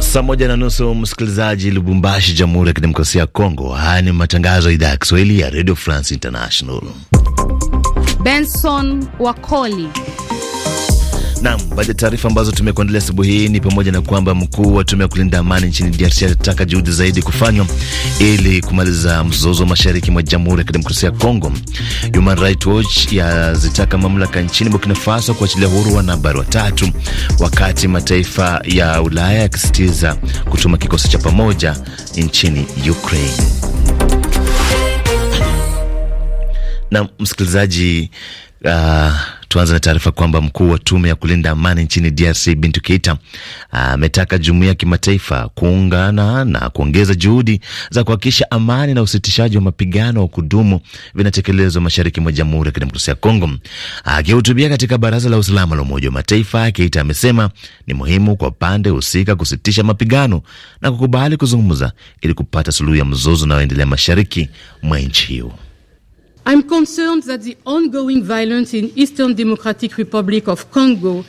Saa moja na nusu, msikilizaji Lubumbashi, Jamhuri ya Kidemokrasia ya Kongo. Haya ni matangazo ya idhaa ya Kiswahili ya Radio France International. Benson Wakoli Nam, baadhi ya taarifa ambazo tumekuandalia asubuhi hii ni pamoja na kwamba mkuu wa tume ya kulinda amani nchini DRC alitaka juhudi zaidi kufanywa ili kumaliza mzozo wa mashariki mwa Jamhuri ya Kidemokrasia ya Kongo. Human Rights Watch yazitaka mamlaka nchini Burkina Faso kuachilia huru wanahabari watatu, wakati mataifa ya Ulaya yakisitiza kutuma kikosi cha pamoja nchini Ukraine. Na msikilizaji, uh, Tuanze na taarifa kwamba mkuu wa tume ya kulinda amani nchini DRC Bintu Keita ametaka jumuia ya kimataifa kuungana na kuongeza juhudi za kuhakikisha amani na usitishaji wa mapigano wa kudumu vinatekelezwa mashariki mwa Jamhuri ya Kidemokrasia ya Kongo. Akihutubia katika Baraza la Usalama la Umoja wa Mataifa, Keita amesema ni muhimu kwa pande husika kusitisha mapigano na kukubali kuzungumza ili kupata suluhu ya mzozo unaoendelea mashariki mwa nchi hiyo. I'm concerned that the ongoing violence in Eastern Democratic Republic of Congo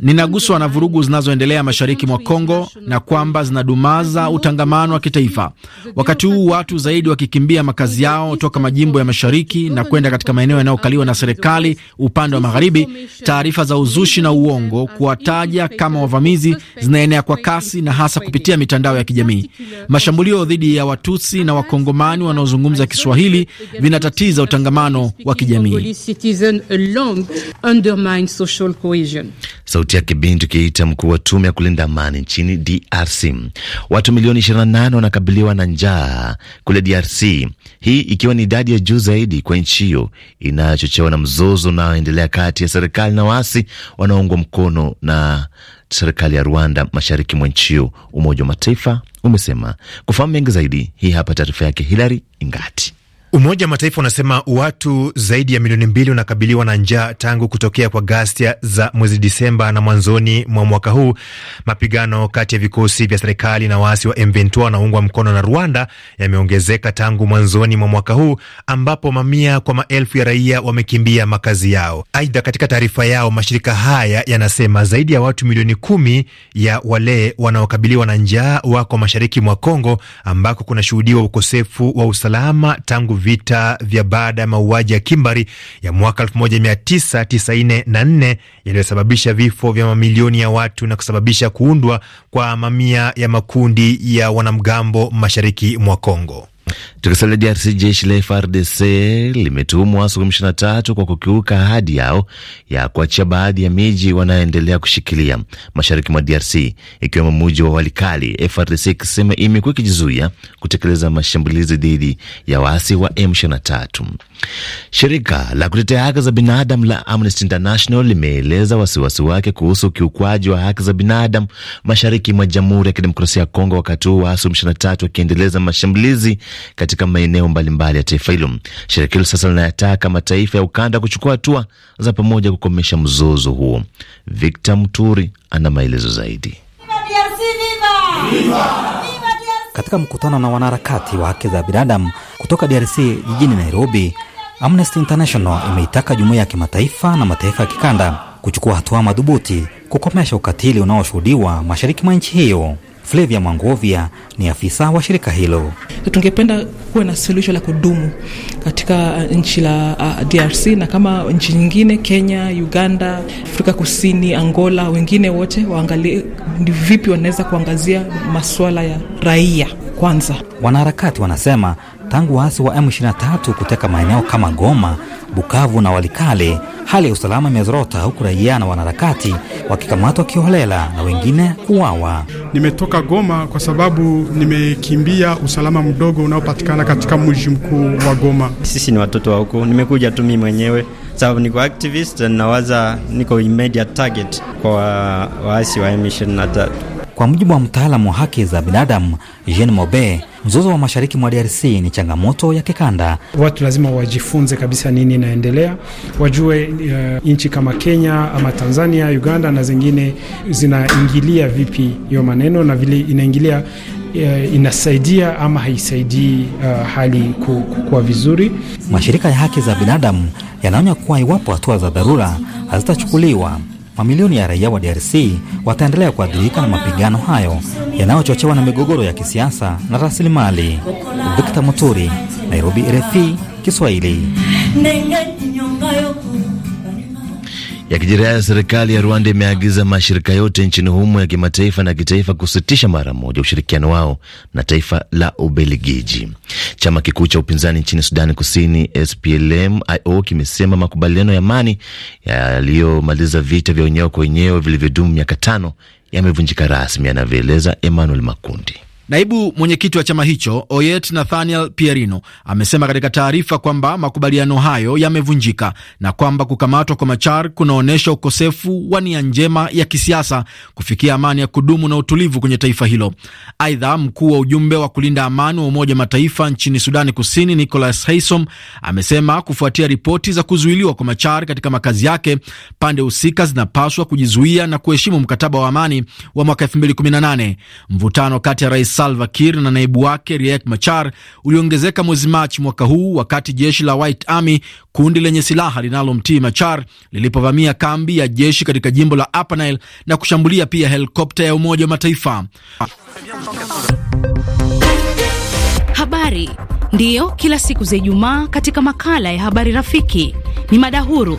ninaguswa na vurugu zinazoendelea mashariki mwa Kongo na kwamba zinadumaza utangamano wa kitaifa, wakati huu watu zaidi wakikimbia makazi yao toka majimbo ya mashariki na kwenda katika maeneo yanayokaliwa na serikali upande wa magharibi. Taarifa za uzushi na uongo kuwataja kama wavamizi zinaenea kwa kasi na hasa kupitia mitandao ya kijamii. Mashambulio dhidi ya Watusi na Wakongomani wanaozungumza Kiswahili vinatatiza utangamano wa kijamii. Sauti yake Bintu tukiita mkuu wa tume ya kulinda amani nchini DRC. Watu milioni 28 wanakabiliwa na njaa kule DRC, hii ikiwa ni idadi ya juu zaidi kwa nchi hiyo inayochochewa na mzozo unaoendelea kati ya serikali na waasi wanaoungwa mkono na serikali ya Rwanda mashariki mwa nchi hiyo. Umoja wa Mataifa umesema. Kufahamu mengi zaidi, hii hapa taarifa yake Hilary Ingati. Umoja wa Mataifa unasema watu zaidi ya milioni mbili wanakabiliwa na njaa tangu kutokea kwa ghasia za mwezi Disemba na mwanzoni mwa mwaka huu. Mapigano kati ya vikosi vya serikali na waasi wa M23 wanaungwa mkono na Rwanda yameongezeka tangu mwanzoni mwa mwaka huu, ambapo mamia kwa maelfu ya raia wamekimbia makazi yao. Aidha, katika taarifa yao mashirika haya yanasema zaidi ya watu milioni kumi ya wale wanaokabiliwa na njaa wako mashariki mwa Kongo ambako kunashuhudiwa ukosefu wa usalama tangu vita vya baada ya mauaji ya kimbari ya mwaka 1994 yaliyosababisha vifo vya mamilioni ya watu na kusababisha kuundwa kwa mamia ya makundi ya wanamgambo mashariki mwa Kongo. Tukisalia DRC, jeshi la FRDC limetumwa siku wa na tatu kwa kukiuka ahadi yao ya kuachia baadhi ya miji wanayoendelea kushikilia mashariki mwa DRC ikiwemo muji wa Walikali, FRDC ikisema imekuwa ikijizuia kutekeleza mashambulizi dhidi ya waasi wa M23. Shirika la kutetea haki za binadamu la Amnesty International limeeleza wasiwasi wake kuhusu ukiukwaji wa haki za binadamu mashariki mwa Jamhuri ya Kidemokrasia ya Kongo, wakati huu waasi wa M23 wakiendeleza mashambulizi katika maeneo mbalimbali ya taifa hilo. Shirika hilo sasa linayataka mataifa ya ukanda kuchukua hatua za pamoja kukomesha mzozo huo. Victor Mturi ana maelezo zaidi. Katika mkutano na wanaharakati wa haki za binadamu kutoka DRC jijini Nairobi, Amnesty International imeitaka jumuiya ya kimataifa na mataifa ya kikanda kuchukua hatua madhubuti kukomesha ukatili unaoshuhudiwa mashariki mwa nchi hiyo. Flavia Mwangovya ni afisa wa shirika hilo. Tungependa kuwa na suluhisho la kudumu katika uh, nchi la uh, DRC na kama nchi nyingine Kenya, Uganda, Afrika Kusini, Angola, wengine wote waangalie ni vipi wanaweza kuangazia masuala ya raia kwanza. Wanaharakati wanasema Tangu waasi wa M23 kuteka maeneo kama Goma, Bukavu na Walikale, hali ya usalama imezorota, huku raia na wanaharakati wakikamatwa kiholela na wengine kuwawa. Nimetoka Goma kwa sababu nimekimbia usalama mdogo unaopatikana katika mji mkuu wa Goma. Sisi ni watoto wa huko, nimekuja tu mimi mwenyewe sababu niko activist na nawaza niko immediate target kwa waasi wa M23. Kwa mujibu wa mtaalamu wa haki za binadamu Jean Mobe Mzozo wa mashariki mwa DRC ni changamoto ya kikanda. Watu lazima wajifunze kabisa nini inaendelea, wajue uh, nchi kama Kenya ama Tanzania, Uganda na zingine zinaingilia vipi hiyo maneno na vile inaingilia uh, inasaidia ama haisaidii uh, hali kukua vizuri. Mashirika ya haki za binadamu yanaonya kuwa iwapo hatua za dharura hazitachukuliwa mamilioni ya raia wa DRC wataendelea kuadhirika na mapigano hayo yanayochochewa na migogoro ya kisiasa na rasilimali. Victor Muturi, Nairobi, RFI Kiswahili ya kijiraia, serikali ya Rwanda imeagiza mashirika yote nchini humo ya kimataifa na kitaifa kusitisha mara moja ushirikiano wao na taifa la Ubelgiji. Chama kikuu cha upinzani nchini Sudani Kusini, SPLM-IO, kimesema makubaliano ya amani yaliyomaliza vita vya wenyewe kwa wenyewe vilivyodumu miaka tano yamevunjika rasmi, anavyoeleza Emmanuel Makundi. Naibu mwenyekiti wa chama hicho Oyet Nathaniel Pierino amesema katika taarifa kwamba makubaliano hayo yamevunjika na kwamba kukamatwa kwa Machar kunaonyesha ukosefu wa nia njema ya kisiasa kufikia amani ya kudumu na utulivu kwenye taifa hilo. Aidha, mkuu wa ujumbe wa kulinda amani wa Umoja wa Mataifa nchini Sudani Kusini nicolas Haysom amesema kufuatia ripoti za kuzuiliwa kwa Machar katika makazi yake, pande husika zinapaswa kujizuia na kuheshimu mkataba wa amani wa mwaka 2018. Mvutano kati ya rais Salva Kiir na naibu wake Riek Machar uliongezeka mwezi Machi mwaka huu wakati jeshi la White Army, kundi lenye silaha linalomtii Machar, lilipovamia kambi ya jeshi katika jimbo la Upper Nile na kushambulia pia helikopta ya Umoja wa Mataifa. Habari ndiyo kila siku za Ijumaa katika makala ya Habari Rafiki ni mada huru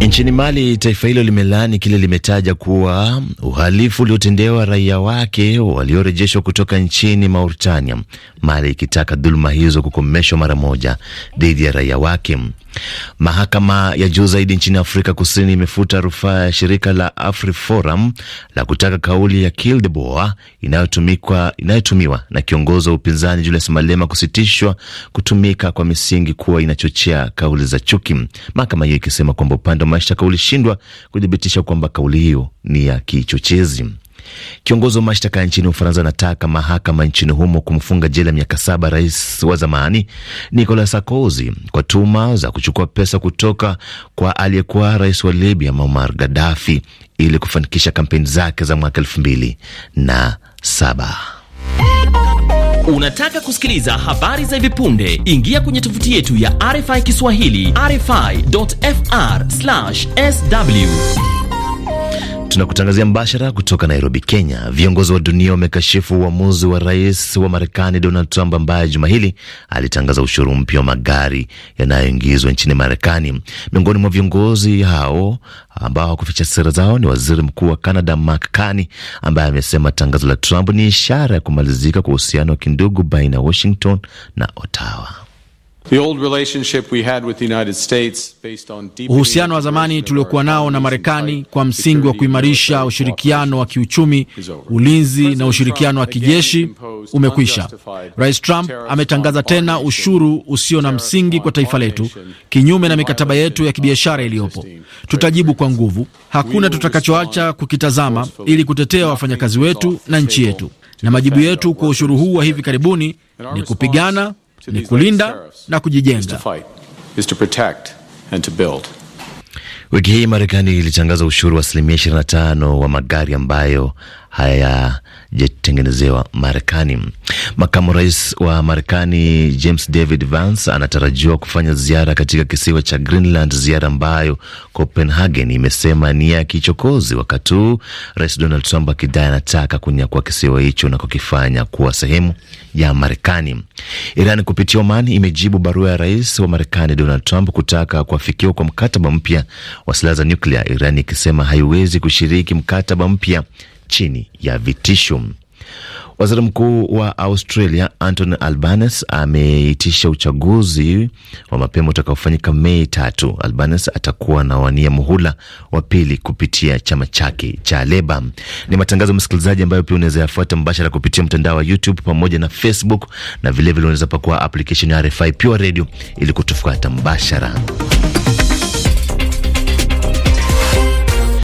Nchini Mali, taifa hilo limelaani kile limetaja kuwa uhalifu uliotendewa raia wake waliorejeshwa kutoka nchini Mauritania, Mali ikitaka dhuluma hizo kukomeshwa mara moja dhidi ya raia wake. Mahakama ya juu zaidi nchini Afrika Kusini imefuta rufaa ya shirika la AfriForum la kutaka kauli ya Kill the Boer inayotumiwa na kiongozi wa upinzani Julius Malema kusitishwa kutumika kwa misingi kuwa inachochea kauli za chuki, mahakama hiyo ikisema kwamba upande wa mashtaka ulishindwa kuthibitisha kwamba kauli hiyo ni ya kichochezi. Kiongozi wa mashtaka nchini Ufaransa anataka mahakama nchini humo kumfunga jela miaka saba rais wa zamani Nicolas Sarkozy kwa tuma za kuchukua pesa kutoka kwa aliyekuwa rais wa Libya Muammar Gaddafi ili kufanikisha kampeni zake za mwaka elfu mbili na saba. Unataka kusikiliza habari za hivi punde? Ingia kwenye tovuti yetu ya RFI Kiswahili, rfi.fr/sw. Tunakutangazia mbashara kutoka Nairobi, Kenya. Viongozi wa dunia wamekashifu uamuzi wa, rais wa Marekani Donald Trump ambaye juma hili alitangaza ushuru mpya wa magari yanayoingizwa nchini Marekani. Miongoni mwa viongozi hao ambao hawakuficha sera zao ni waziri mkuu wa Canada Mark Carney ambaye amesema tangazo la Trump ni ishara ya kumalizika kwa uhusiano wa kindugu baina ya Washington na Ottawa. Uhusiano wa zamani tuliokuwa nao na Marekani kwa msingi wa kuimarisha ushirikiano wa kiuchumi, ulinzi na ushirikiano wa kijeshi umekwisha. Rais Trump ametangaza tena ushuru usio na msingi kwa taifa letu, kinyume na mikataba yetu ya kibiashara iliyopo. Tutajibu kwa nguvu. Hakuna tutakachoacha kukitazama ili kutetea wafanyakazi wetu na nchi yetu, na majibu yetu kwa ushuru huu wa hivi karibuni ni kupigana ni kulinda na kujijenga. Wiki hii Marekani ilitangaza ushuru wa asilimia 25 wa magari ambayo hayajatengenezewa Marekani. Makamu rais wa Marekani James David Vance anatarajiwa kufanya ziara katika kisiwa cha Greenland, ziara ambayo Copenhagen imesema ni ya kichokozi, wakati huu rais Donald Trump akidai anataka kunyakua kisiwa hicho na kukifanya kuwa sehemu ya Marekani. Iran kupitia Oman imejibu barua ya rais wa Marekani Donald Trump kutaka kuafikiwa kwa mkataba mpya wa silaha za nyuklia, Iran ikisema haiwezi kushiriki mkataba mpya chini ya vitisho. Waziri mkuu wa Australia Anthony Albanese ameitisha uchaguzi wa mapema utakaofanyika Mei tatu. Albanese atakuwa na wania muhula wa pili kupitia chama chake cha Leba. Ni matangazo ya msikilizaji ambayo pia unaweza yafuata mbashara kupitia mtandao wa YouTube pamoja na Facebook na vilevile unaweza pakua application ya RFI Pure Radio ili kutufuata mbashara.